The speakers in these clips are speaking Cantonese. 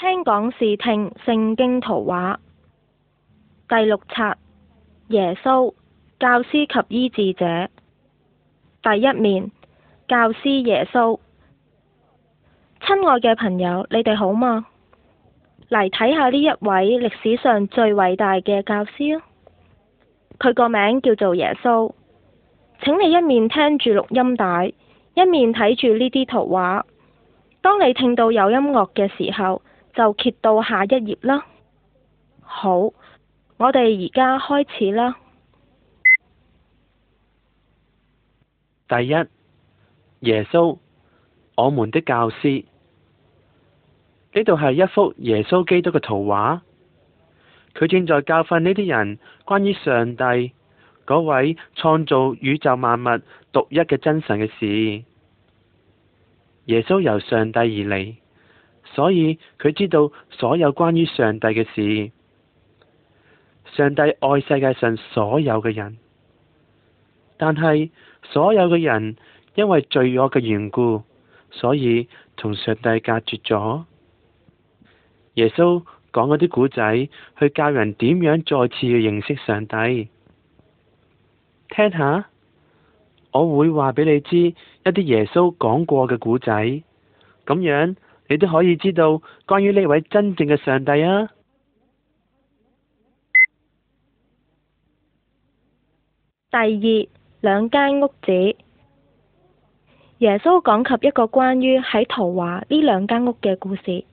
聽講視聽聖經圖畫第六冊耶穌教師及醫治者第一面教師耶穌，親愛嘅朋友，你哋好嗎？嚟睇下呢一位歷史上最偉大嘅教師，佢個名叫做耶穌。請你一面聽住錄音帶，一面睇住呢啲圖畫。當你聽到有音樂嘅時候，就揭到下一頁啦。好，我哋而家開始啦。第一，耶穌，我們的教師。呢度係一幅耶穌基督嘅圖畫。佢正在教訓呢啲人關於上帝，嗰位創造宇宙萬物獨一嘅真神嘅事。耶穌由上帝而嚟。所以佢知道所有關於上帝嘅事。上帝愛世界上所有嘅人，但係所有嘅人因為罪惡嘅緣故，所以同上帝隔絕咗。耶穌講嗰啲古仔，去教人點樣再次認識上帝。聽下，我會話俾你知一啲耶穌講過嘅古仔，咁樣。你都可以知道關於呢位真正嘅上帝啊。第二，兩間屋子，耶穌講及一個關於喺圖畫呢兩間屋嘅故事。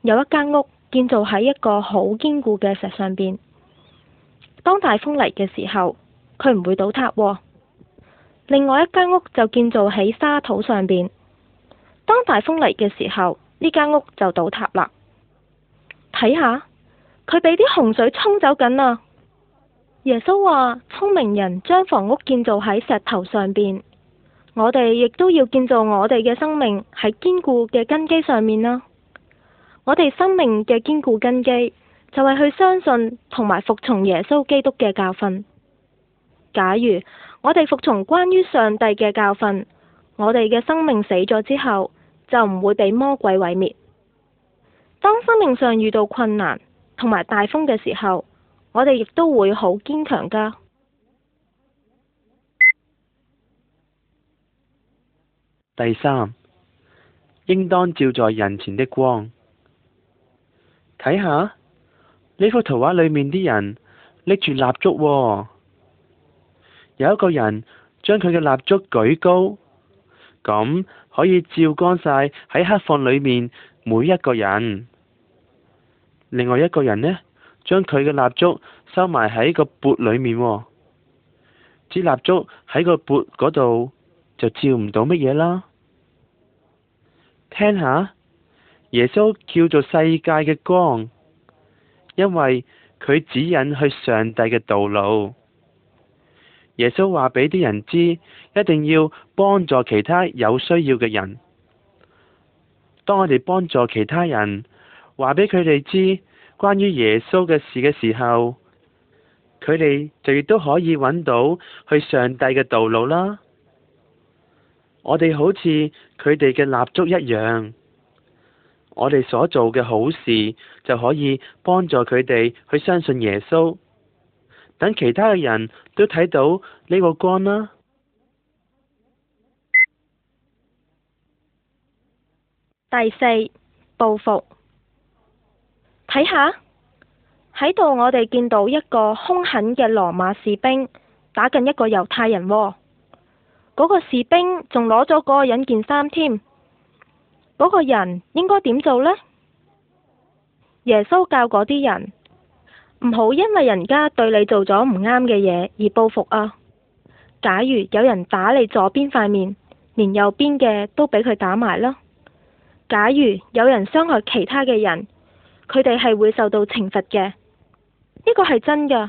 有一間屋建造喺一個好堅固嘅石上邊，當大風嚟嘅時候，佢唔會倒塌哦；另外一間屋就建造喺沙土上邊。當大風嚟嘅時候，呢間屋就倒塌啦。睇下佢俾啲洪水沖走緊啊！耶穌話：聰明人將房屋建造喺石頭上邊，我哋亦都要建造我哋嘅生命喺堅固嘅根基上面啦。我哋生命嘅堅固根基就係去相信同埋服從耶穌基督嘅教訓。假如我哋服從關於上帝嘅教訓，我哋嘅生命死咗之後。就唔會被魔鬼毀滅。當生命上遇到困難同埋大風嘅時候，我哋亦都會好堅強噶。第三，應當照在人前的光。睇下呢幅圖畫裏面啲人拎住蠟燭喎，有一個人將佢嘅蠟燭舉高，咁。可以照光晒喺黑房裏面每一個人。另外一個人呢，將佢嘅蠟燭收埋喺個缽裏面喎。支蠟燭喺個缽嗰度就照唔到乜嘢啦。聽下，耶穌叫做世界嘅光，因為佢指引去上帝嘅道路。耶穌話俾啲人知，一定要幫助其他有需要嘅人。當我哋幫助其他人，話俾佢哋知關於耶穌嘅事嘅時候，佢哋就亦都可以搵到去上帝嘅道路啦。我哋好似佢哋嘅蠟燭一樣，我哋所做嘅好事就可以幫助佢哋去相信耶穌。等其他嘅人都睇到呢個光啦，啊。第四，報復。睇下喺度，我哋見到一個兇狠嘅羅馬士兵打緊一個猶太人，哦，嗰、那個士兵仲攞咗嗰個人件衫添。嗰、那個人應該點做呢？耶穌教嗰啲人。唔好因為人家對你做咗唔啱嘅嘢而報復啊！假如有人打你左邊塊面，連右邊嘅都俾佢打埋咯。假如有人傷害其他嘅人，佢哋係會受到懲罰嘅，呢個係真嘅。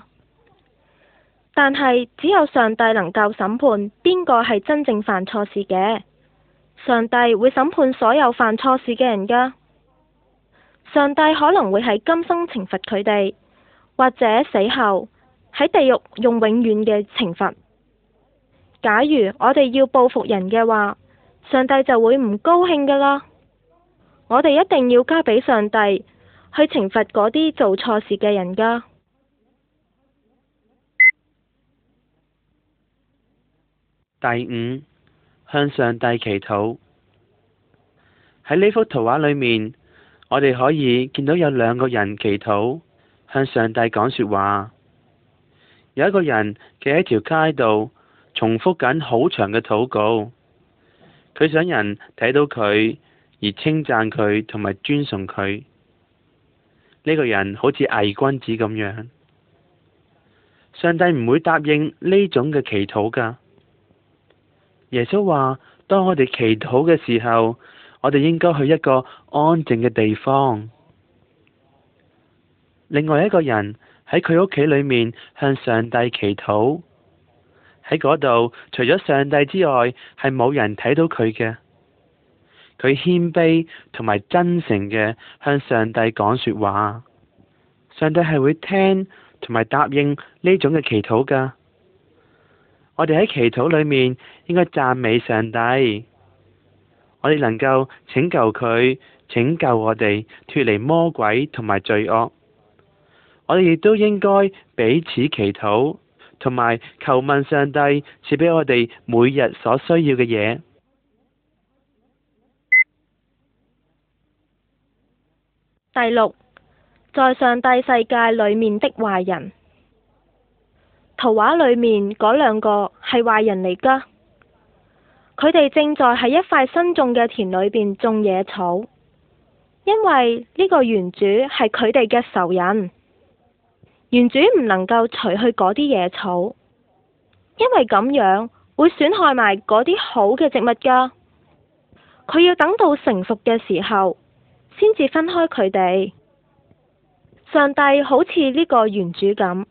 但係只有上帝能夠審判邊個係真正犯錯事嘅，上帝會審判所有犯錯事嘅人噶。上帝可能會喺今生懲罰佢哋。或者死後喺地獄用永遠嘅懲罰。假如我哋要報復人嘅話，上帝就會唔高興噶啦。我哋一定要交俾上帝去懲罰嗰啲做錯事嘅人噶。第五，向上帝祈禱。喺呢幅圖畫裏面，我哋可以見到有兩個人祈禱。向上帝講說話。有一個人企喺條街度，重複緊好長嘅禱告。佢想人睇到佢，而稱讚佢同埋尊崇佢。呢個人好似偽君子咁樣。上帝唔會答應呢種嘅祈禱噶。耶穌話：當我哋祈禱嘅時候，我哋應該去一個安靜嘅地方。另外一個人喺佢屋企裏面向上帝祈禱，喺嗰度，除咗上帝之外，係冇人睇到佢嘅。佢謙卑同埋真誠嘅向上帝講說話，上帝係會聽同埋答應呢種嘅祈禱噶。我哋喺祈禱裏面應該讚美上帝，我哋能夠拯救佢，拯救我哋脫離魔鬼同埋罪惡。我哋亦都應該彼此祈禱，同埋求問上帝賜俾我哋每日所需要嘅嘢。第六，在上帝世界裏面的壞人，圖畫裏面嗰兩個係壞人嚟㗎，佢哋正在喺一塊新種嘅田裏邊種野草，因為呢個園主係佢哋嘅仇人。原主唔能夠除去嗰啲野草，因為咁樣會損害埋嗰啲好嘅植物噶。佢要等到成熟嘅時候，先至分開佢哋。上帝好似呢個原主咁，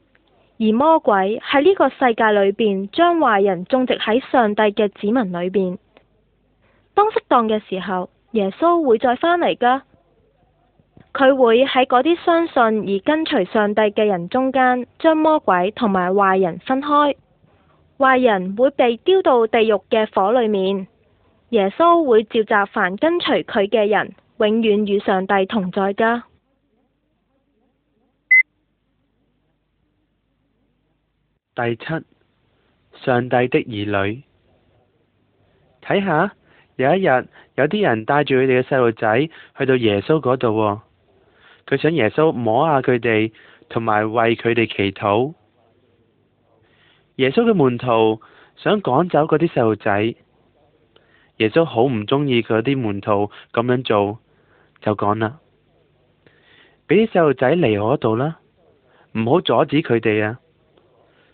而魔鬼喺呢個世界裏邊將壞人種植喺上帝嘅指民裏邊。當適當嘅時候，耶穌會再返嚟噶。佢會喺嗰啲相信而跟隨上帝嘅人中間，將魔鬼同埋壞人分開。壞人會被丟到地獄嘅火裏面。耶穌會召集凡跟隨佢嘅人，永遠與上帝同在家。第七，上帝的兒女，睇下，有一日有啲人帶住佢哋嘅細路仔去到耶穌嗰度。佢想耶穌摸下佢哋，同埋為佢哋祈禱。耶穌嘅門徒想趕走嗰啲細路仔，耶穌好唔中意佢啲門徒咁樣做，就講啦：俾啲細路仔嚟我度啦，唔好阻止佢哋啊！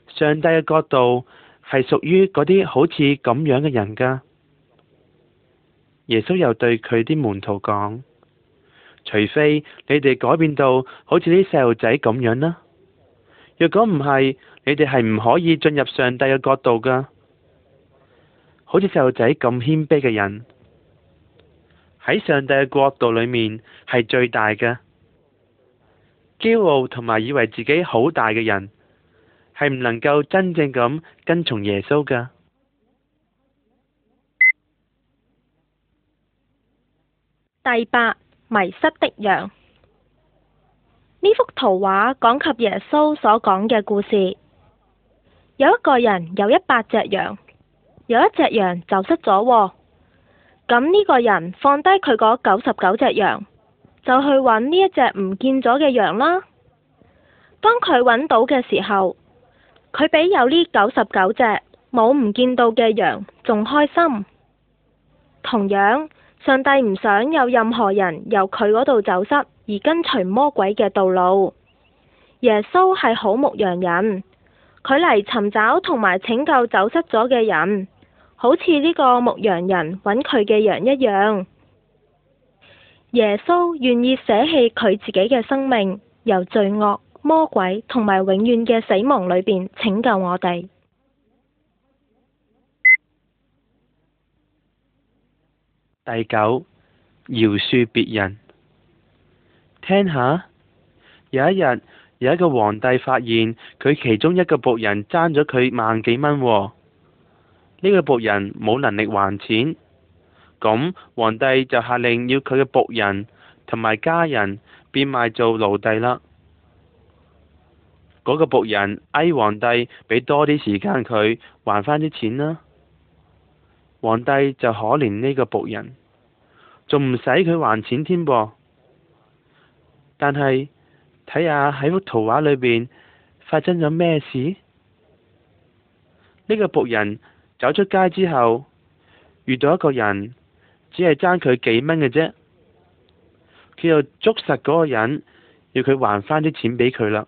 上帝嘅國度係屬於嗰啲好似咁樣嘅人噶。耶穌又對佢啲門徒講。除非你哋改變到好似啲細路仔咁樣啦、啊，若果唔係，你哋係唔可以進入上帝嘅國度噶。好似細路仔咁謙卑嘅人，喺上帝嘅國度裏面係最大嘅。驕傲同埋以為自己好大嘅人，係唔能夠真正咁跟從耶穌噶。第八。迷失的羊。呢幅圖畫講及耶穌所講嘅故事，有一個人有一百隻羊，有一隻羊走失咗，咁呢個人放低佢嗰九十九隻羊，就去揾呢一隻唔見咗嘅羊啦。當佢揾到嘅時候，佢比有呢九十九隻冇唔見到嘅羊仲開心。同樣。上帝唔想有任何人由佢嗰度走失而跟隨魔鬼嘅道路。耶穌係好牧羊人，佢嚟尋找同埋拯救走失咗嘅人，好似呢個牧羊人揾佢嘅羊一樣。耶穌願意捨棄佢自己嘅生命，由罪惡、魔鬼同埋永遠嘅死亡裏邊拯救我哋。第九，饒恕別人。聽下，有一日有一個皇帝發現佢其中一個僕人爭咗佢萬幾蚊，哦，呢個僕人冇能力還錢，咁皇帝就下令要佢嘅僕人同埋家人變賣做奴隸啦。嗰個僕人哀皇帝，俾多啲時間佢還返啲錢啦。皇帝就可憐呢個僕人，仲唔使佢還錢添噃。但係睇下喺幅圖畫裏邊發生咗咩事？呢個僕人走出街之後，遇到一個人，只係爭佢幾蚊嘅啫。佢又捉實嗰個人，要佢還返啲錢俾佢啦。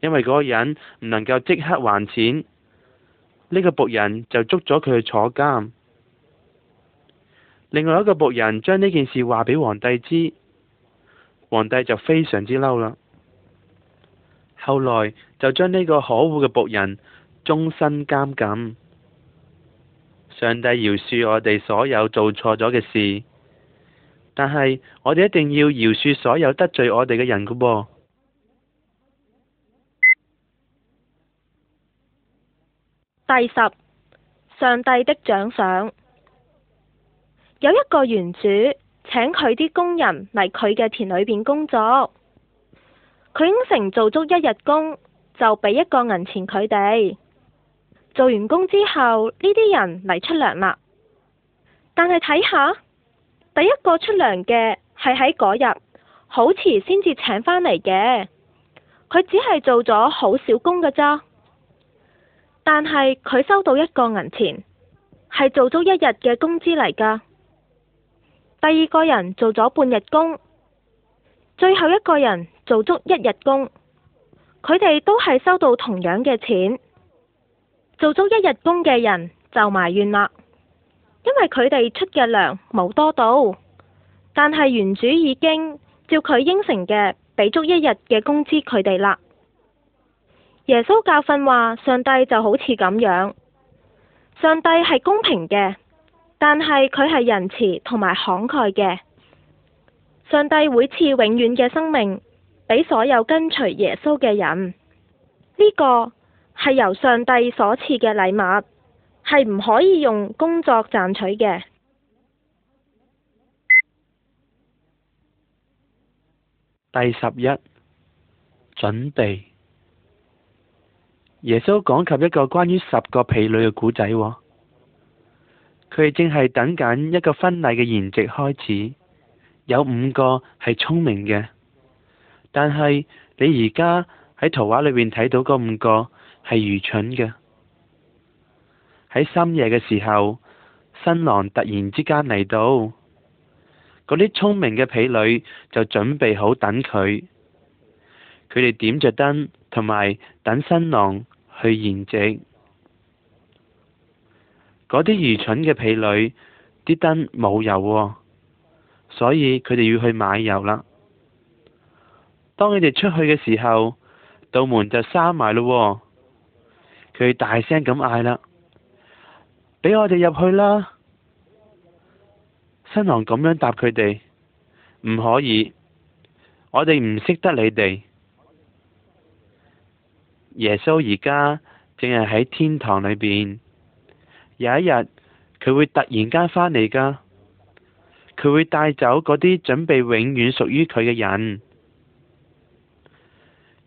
因為嗰個人唔能夠即刻還錢。呢個僕人就捉咗佢去坐監。另外一個僕人將呢件事話俾皇帝知，皇帝就非常之嬲啦。後來就將呢個可惡嘅僕人終身監禁。上帝饒恕我哋所有做錯咗嘅事，但係我哋一定要饒恕所有得罪我哋嘅人㗎喎。第十，上帝的獎賞。有一個園主請佢啲工人嚟佢嘅田裏邊工作，佢應承做足一日工就畀一個銀錢佢哋。做完工之後，呢啲人嚟出糧啦。但係睇下，第一個出糧嘅係喺嗰日好遲先至請返嚟嘅，佢只係做咗好少工嘅啫。但係佢收到一個銀錢，係做足一日嘅工資嚟㗎。第二個人做咗半日工，最後一個人做足一日工，佢哋都係收到同樣嘅錢。做足一日工嘅人就埋怨啦，因為佢哋出嘅糧冇多到，但係原主已經照佢應承嘅，俾足一日嘅工資佢哋啦。耶穌教訓話：上帝就好似咁樣，上帝係公平嘅，但係佢係仁慈同埋慷慨嘅。上帝會賜永遠嘅生命俾所有跟隨耶穌嘅人，呢個係由上帝所賜嘅禮物，係唔可以用工作賺取嘅。第十一，準備。耶穌講及一個關於十個婢女嘅古仔，佢哋正係等緊一個婚禮嘅筵席開始。有五個係聰明嘅，但係你而家喺圖畫裏面睇到嗰五個係愚蠢嘅。喺深夜嘅時候，新郎突然之間嚟到，嗰啲聰明嘅婢女就準備好等佢。佢哋點着燈。同埋等新郎去筵席，嗰啲愚蠢嘅婢女啲燈冇油，哦，所以佢哋要去買油啦。當佢哋出去嘅時候，道門就閂埋咯。佢大聲咁嗌啦：俾我哋入去啦！新郎咁樣答佢哋：，唔可以，我哋唔識得你哋。耶穌而家淨係喺天堂裏邊，有一日佢會突然間返嚟噶，佢會帶走嗰啲準備永遠屬於佢嘅人，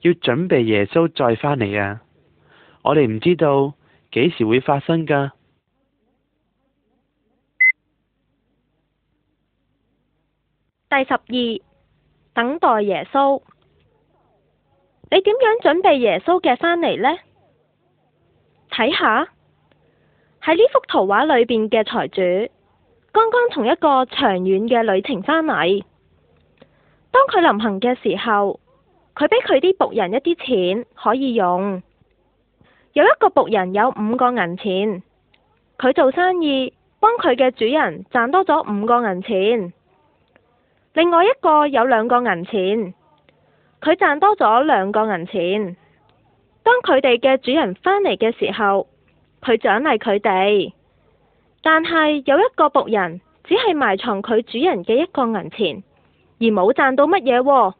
要準備耶穌再返嚟啊！我哋唔知道幾時會發生噶。第十二，等待耶穌。你點樣準備耶穌嘅返嚟呢？睇下喺呢幅圖畫裏邊嘅財主，剛剛從一個長遠嘅旅程返嚟。當佢臨行嘅時候，佢畀佢啲僕人一啲錢可以用。有一個僕人有五個銀錢，佢做生意幫佢嘅主人賺多咗五個銀錢。另外一個有兩個銀錢。佢賺多咗兩個銀錢。當佢哋嘅主人返嚟嘅時候，佢獎勵佢哋。但係有一個僕人只係埋藏佢主人嘅一個銀錢，而冇賺到乜嘢。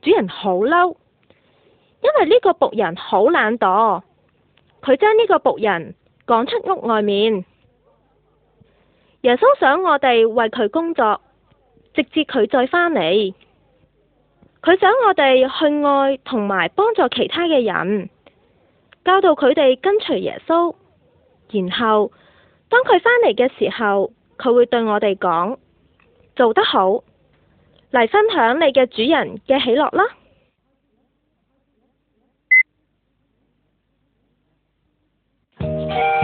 主人好嬲，因為呢個僕人好懶惰。佢將呢個僕人趕出屋外面。耶穌想我哋為佢工作，直至佢再返嚟。佢想我哋去愛同埋幫助其他嘅人，教導佢哋跟隨耶穌，然後當佢返嚟嘅時候，佢會對我哋講，做得好，嚟分享你嘅主人嘅喜樂啦。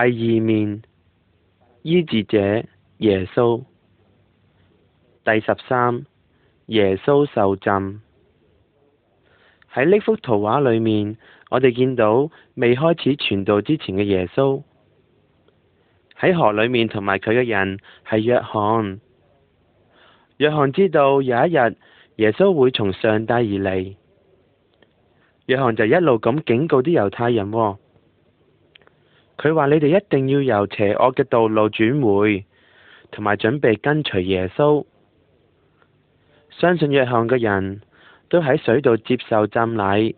第二面醫治者耶穌，第十三耶穌受浸。喺呢幅圖畫裏面，我哋見到未開始傳道之前嘅耶穌喺河裏面，同埋佢嘅人係約翰。約翰知道有一日耶穌會從上帝而嚟，約翰就一路咁警告啲猶太人。佢話：你哋一定要由邪惡嘅道路轉回，同埋準備跟隨耶穌。相信約翰嘅人都喺水度接受浸禮，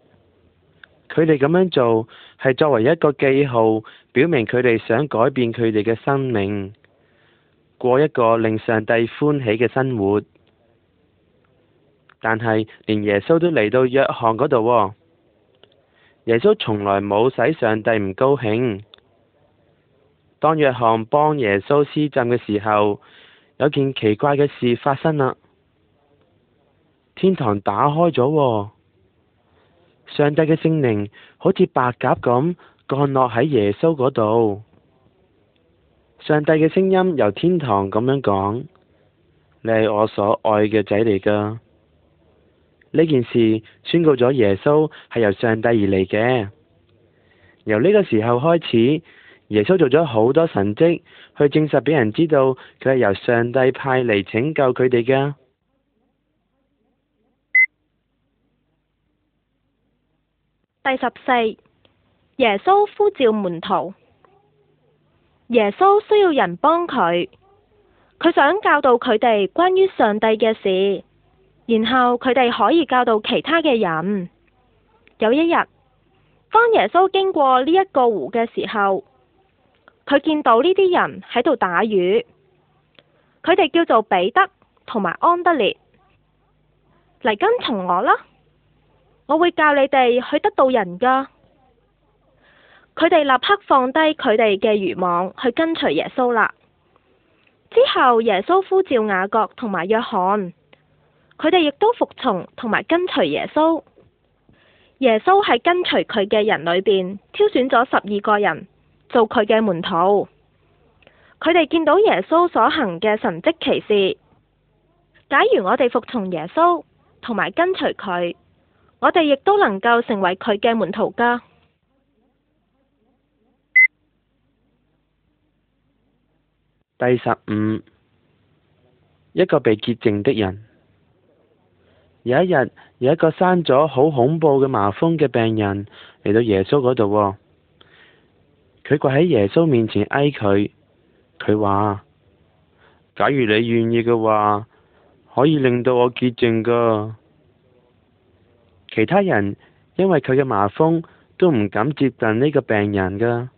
佢哋咁樣做係作為一個記號，表明佢哋想改變佢哋嘅生命，過一個令上帝歡喜嘅生活。但係連耶穌都嚟到約翰嗰度喎，耶穌從來冇使上帝唔高興。當約翰幫耶穌施浸嘅時候，有件奇怪嘅事發生啦。天堂打開咗，上帝嘅聖靈好似白鴿咁降落喺耶穌嗰度。上帝嘅聲音由天堂咁樣講：「你係我所愛嘅仔嚟噶。呢件事宣告咗耶穌係由上帝而嚟嘅。由呢個時候開始。耶穌做咗好多神蹟，去證實俾人知道佢係由上帝派嚟拯救佢哋㗎。第十四，耶穌呼召門徒。耶穌需要人幫佢，佢想教導佢哋關於上帝嘅事，然後佢哋可以教導其他嘅人。有一日，當耶穌經過呢一個湖嘅時候，佢見到呢啲人喺度打魚，佢哋叫做彼得同埋安德烈。嚟跟從我啦，我會教你哋去得到人㗎。佢哋立刻放低佢哋嘅漁網去跟隨耶穌啦。之後耶穌呼召雅各同埋約翰，佢哋亦都服從同埋跟隨耶穌。耶穌喺跟隨佢嘅人裏邊挑選咗十二個人。做佢嘅門徒，佢哋見到耶穌所行嘅神蹟奇事。假如我哋服從耶穌，同埋跟隨佢，我哋亦都能夠成為佢嘅門徒噶。第十五，一個被潔淨的人，有一日有一個生咗好恐怖嘅麻風嘅病人嚟到耶穌嗰度。佢跪喺耶穌面前哀佢，佢話：假如你願意嘅話，可以令到我潔淨噶。其他人因為佢嘅麻風都唔敢接近呢個病人噶，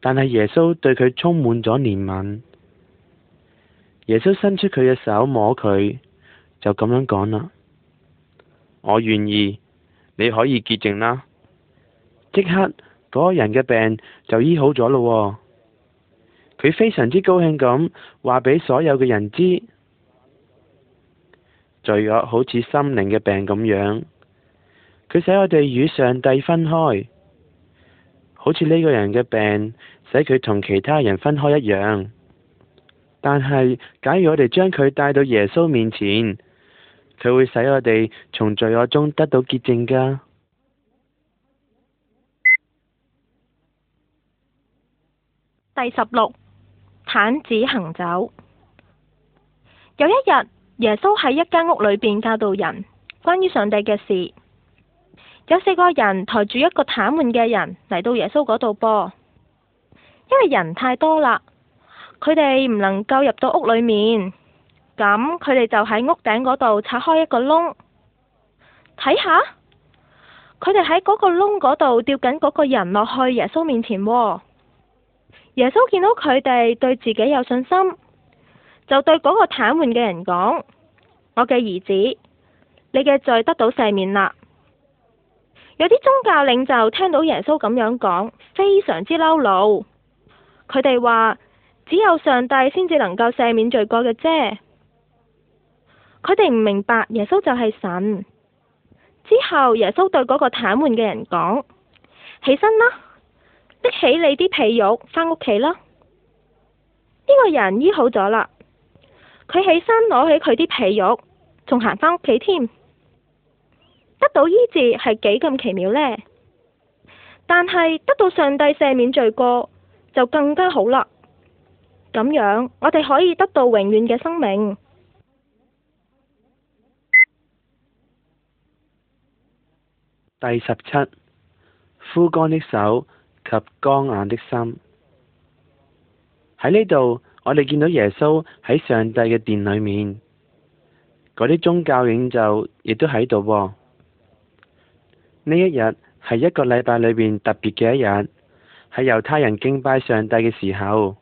但係耶穌對佢充滿咗憐憫。耶穌伸出佢嘅手摸佢，就咁樣講啦：我願意，你可以潔淨啦，即刻。嗰個人嘅病就醫好咗咯，佢非常之高興咁話俾所有嘅人知，罪惡好似心靈嘅病咁樣，佢使我哋與上帝分開，好似呢個人嘅病使佢同其他人分開一樣。但係假如我哋將佢帶到耶穌面前，佢會使我哋從罪惡中得到潔淨噶。第十六，癱子行走。有一日，耶穌喺一間屋裏邊教導人關於上帝嘅事。有四個人抬住一個癱瘓嘅人嚟到耶穌嗰度噃，因為人太多啦，佢哋唔能夠入到屋裏面，咁佢哋就喺屋頂嗰度拆開一個窿，睇下，佢哋喺嗰個窿嗰度吊緊嗰個人落去耶穌面前，哦。耶穌見到佢哋對自己有信心，就對嗰個癱瘓嘅人講：我嘅兒子，你嘅罪得到赦免啦。有啲宗教領袖聽到耶穌咁樣講，非常之嬲怒。佢哋話：只有上帝先至能夠赦免罪過嘅啫。佢哋唔明白耶穌就係神。之後耶穌對嗰個癱瘓嘅人講：起身啦。拎起你啲被褥返屋企啦！呢、這個人醫好咗啦，佢起身攞起佢啲被褥，仲行返屋企添。得到醫治係幾咁奇妙呢？但係得到上帝赦免罪過就更加好啦。咁樣，我哋可以得到永遠嘅生命。第十七，枯乾的手，及剛硬的心，喺呢度，我哋見到耶穌喺上帝嘅殿裏面，嗰啲宗教領袖亦都喺度。呢一日係一個禮拜裏面特別嘅一日，係猶太人敬拜上帝嘅時候。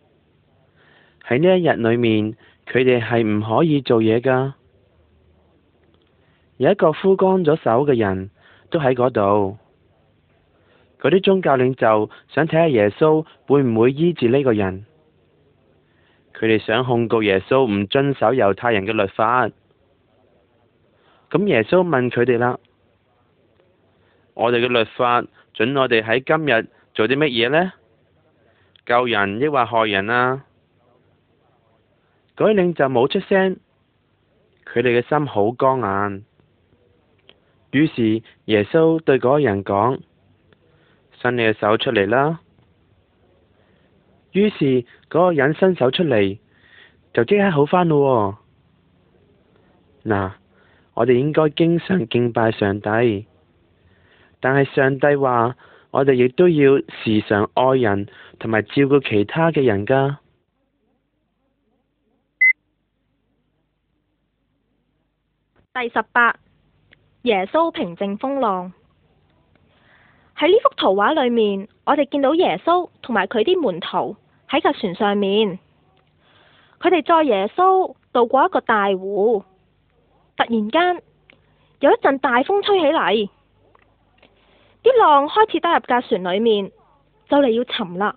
喺呢一日裏面，佢哋係唔可以做嘢噶。有一個枯乾咗手嘅人都喺嗰度。嗰啲宗教領袖想睇下耶穌會唔會醫治呢個人，佢哋想控告耶穌唔遵守猶太人嘅律法。咁耶穌問佢哋啦，我哋嘅律法准我哋喺今日做啲乜嘢呢？救人抑或害人啊？嗰啲領袖冇出聲，佢哋嘅心好剛硬。於是耶穌對嗰個人講。伸你嘅手出嚟啦！於是嗰個人伸手出嚟，就即刻好返咯喎。嗱，我哋應該經常敬拜上帝，但係上帝話我哋亦都要時常愛人同埋照顧其他嘅人㗎。第十八，耶穌平靜風浪。喺呢幅圖畫裏面，我哋見到耶穌同埋佢啲門徒喺架船上面，佢哋載耶穌渡過一個大湖，突然間有一陣大風吹起嚟，啲浪開始打入架船裏面，就嚟要沉啦。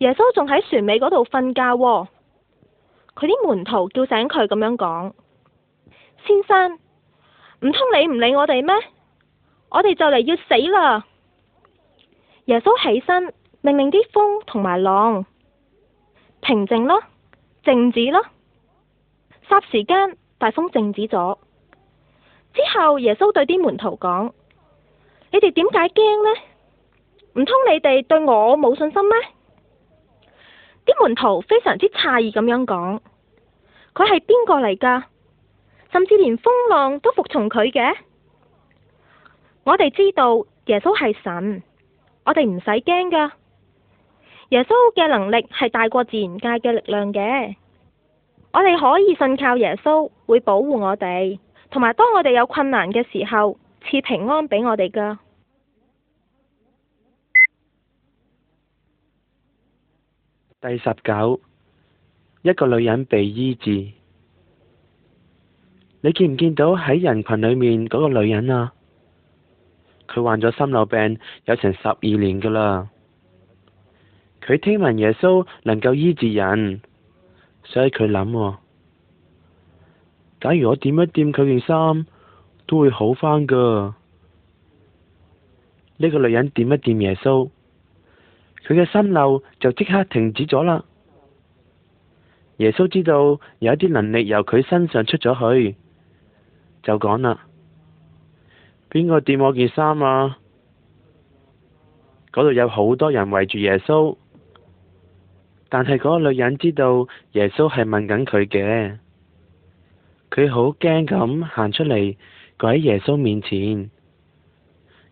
耶穌仲喺船尾嗰度瞓覺喎，佢啲門徒叫醒佢咁樣講：先生，唔通你唔理我哋咩？我哋就嚟要死啦！耶穌起身，命令啲風同埋浪平靜咯，靜止咯，霎時間大風靜止咗。之後耶穌對啲門徒講：你哋點解驚呢？唔通你哋對我冇信心咩？啲門徒非常之詫異咁樣講：佢係邊個嚟噶？甚至連風浪都服從佢嘅？我哋知道耶穌係神，我哋唔使驚噶耶穌嘅能力係大過自然界嘅力量嘅。我哋可以信靠耶穌會保護我哋，同埋當我哋有困難嘅時候，賜平安畀我哋噶。第十九，一個女人被醫治。你見唔見到喺人群裏面嗰個女人啊？佢患咗心漏病有成十二年噶啦，佢聽聞耶穌能夠醫治人，所以佢諗：假如我掂一掂佢件衫，都會好返噶。呢、呢個女人掂一掂耶穌，佢嘅心漏就即刻停止咗啦。耶穌知道有一啲能力由佢身上出咗去，就講啦。邊個掂我件衫啊？嗰度有好多人圍住耶穌，但係嗰個女人知道耶穌係問緊佢嘅，佢好驚咁行出嚟，跪喺耶穌面前。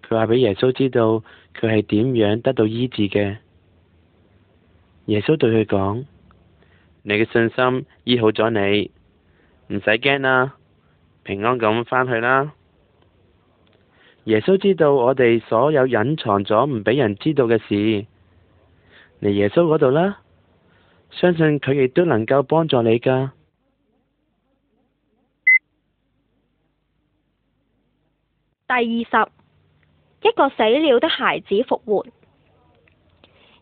佢話俾耶穌知道佢係點樣得到醫治嘅。耶穌對佢講： 你嘅信心醫好咗你，唔使驚啦，平安咁返去啦。耶穌知道我哋所有隱藏咗唔俾人知道嘅事，嚟耶穌嗰度啦，相信佢亦都能夠幫助你噶。第二十一個，死了的孩子復活。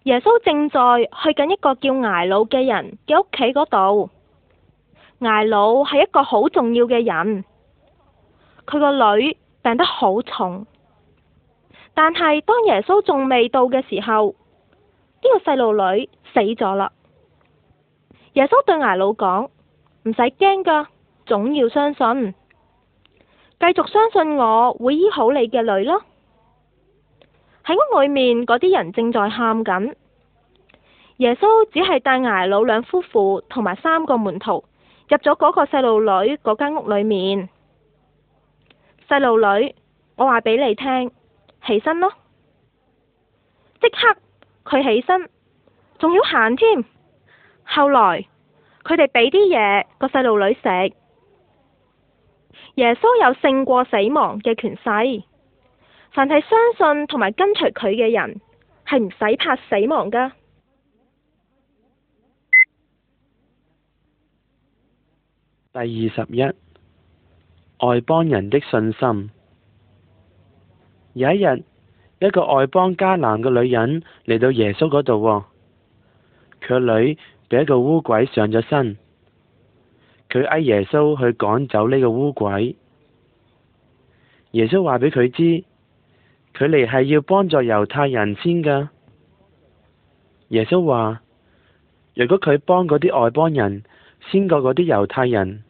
耶穌正在去緊一個叫艾老嘅人嘅屋企嗰度，艾老係一個好重要嘅人，佢個女病得好重，但係當耶穌仲未到嘅時候，呢個細路女死咗啦。耶穌對挨佬講：唔使驚噶，總要相信，繼續相信我會醫好你嘅女咯。喺屋外面嗰啲人正在喊緊，耶穌只係帶挨佬兩夫婦同埋三個門徒入咗嗰個細路女嗰間屋裏面。細路女，我話畀你聽，起身囉。即刻佢起身，仲要行添。後來佢哋畀啲嘢，個細路女食。耶穌有勝過死亡嘅權勢，凡係相信同埋跟隨佢嘅人，係唔使怕死亡㗎。第二十一。外邦人的信心。有一日，一個外邦迦南嘅女人嚟到耶穌嗰度，佢女俾一個烏鬼上咗身，佢嗌耶穌去趕走呢個烏鬼。耶穌話俾佢知，佢嚟係要幫助猶太人先噶。耶穌話，如果佢幫嗰啲外邦人，先過嗰啲猶太人，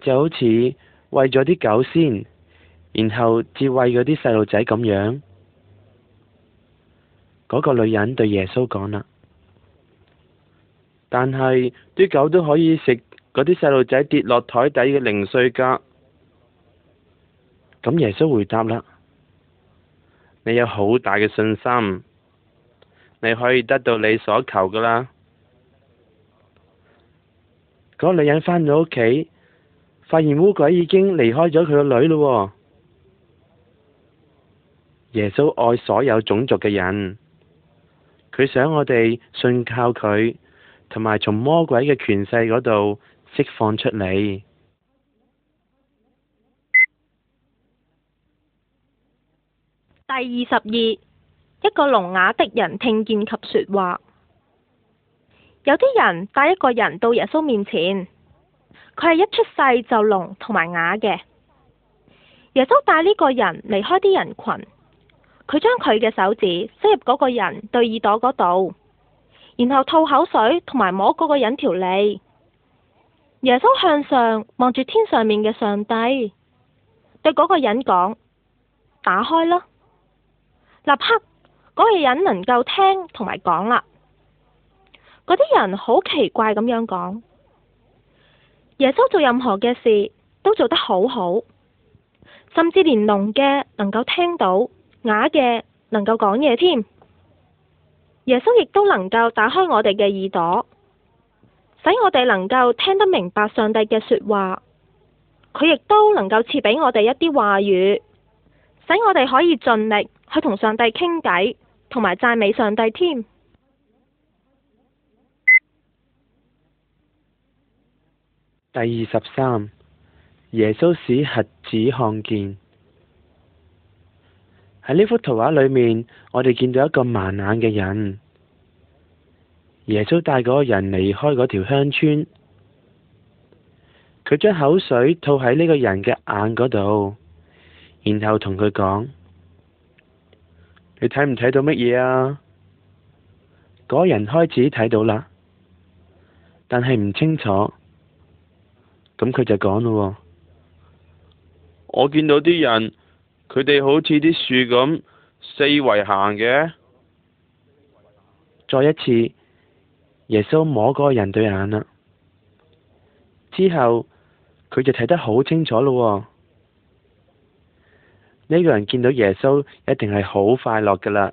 就好似，餵咗啲狗先，然後至餵嗰啲細路仔咁樣，嗰個女人對耶穌講啦：但係啲狗都可以食嗰啲細路仔跌落台底嘅零碎噶。咁耶穌回答啦：你有好大嘅信心，你可以得到你所求噶啦。嗰個女人返咗屋企。發現污鬼已經離開咗佢個女咯。耶穌愛所有種族嘅人，佢想我哋信靠佢，同埋從魔鬼嘅權勢嗰度釋放出嚟。第二十二，一個聾啞的人聽見及說話。有啲人帶一個人到耶穌面前。佢係一出世就聾同埋啞嘅。耶穌帶呢個人離開啲人群，佢將佢嘅手指塞入嗰個人對耳朵嗰度，然後吐口水同埋摸嗰個人條脷。耶穌向上望住天上面嘅上帝，對嗰個人講：打開囉！立刻嗰個人能夠聽同埋講啦。嗰啲人好奇怪咁樣講。耶穌做任何嘅事都做得好好，甚至連聾嘅能夠聽到，啞嘅能夠講嘢添。耶穌亦都能夠打開我哋嘅耳朵，使我哋能夠聽得明白上帝嘅說話。佢亦都能夠賜俾我哋一啲話語，使我哋可以盡力去同上帝傾偈，同埋讚美上帝添。第二十三，耶穌使瞎子看見。喺呢幅圖畫裏面，我哋見到一個盲眼嘅人。耶穌帶嗰個人離開嗰條鄉村，佢將口水吐喺呢個人嘅眼嗰度，然後同佢講：你睇唔睇到乜嘢啊？嗰人開始睇到啦，但係唔清楚。咁佢就講咯喎，我見到啲人，佢哋好似啲樹咁，四圍行嘅。再一次，耶穌摸嗰個人對眼啦，之後佢就睇得好清楚咯喎。呢個人見到耶穌，一定係好快樂噶啦。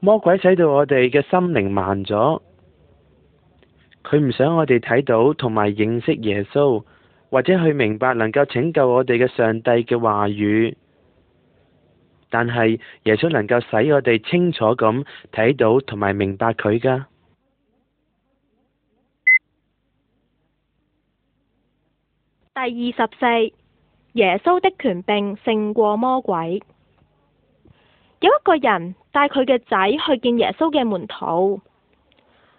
魔鬼使到我哋嘅心靈慢咗。佢唔想我哋睇到同埋認識耶穌，或者佢明白能夠拯救我哋嘅上帝嘅話語。但係耶穌能夠使我哋清楚咁睇到同埋明白佢噶。第二十四，耶穌的權柄勝過魔鬼。有一個人帶佢嘅仔去見耶穌嘅門徒。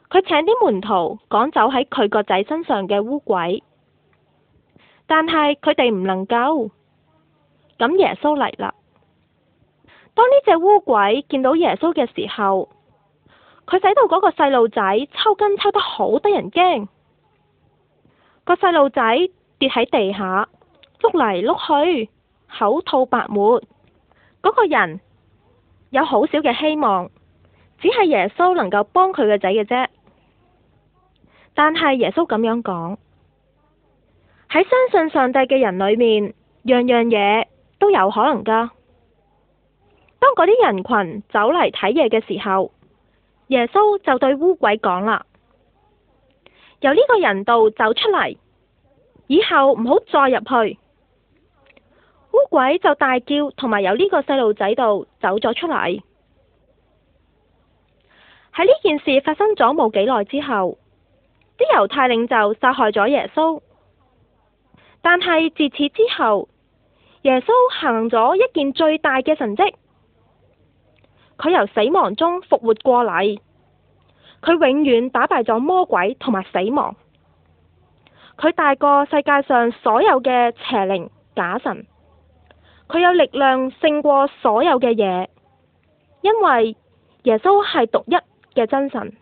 佢請啲門徒趕走喺佢個仔身上嘅烏鬼，但係佢哋唔能夠。咁耶穌嚟啦。當呢隻烏鬼見到耶穌嘅時候，佢使到嗰個細路仔抽筋抽得好得人驚，個細路仔跌喺地下，碌嚟碌去，口吐白沫。嗰個人有好少嘅希望，只係耶穌能夠幫佢個仔嘅啫。但係耶穌咁樣講，喺相信上帝嘅人裏面，樣樣嘢都有可能噶。當嗰啲人群走嚟睇嘢嘅時候，耶穌就對烏鬼講啦：由呢個人度走出嚟，以後唔好再入去。烏鬼就大叫，同埋由呢個細路仔度走咗出嚟。喺呢件事發生咗冇幾耐之後。啲猶太領袖殺害咗耶穌，但係自此之後，耶穌行咗一件最大嘅神蹟，佢由死亡中復活過嚟，佢永遠打敗咗魔鬼同埋死亡，佢大過世界上所有嘅邪靈假神，佢有力量勝過所有嘅嘢，因為耶穌係獨一嘅真神。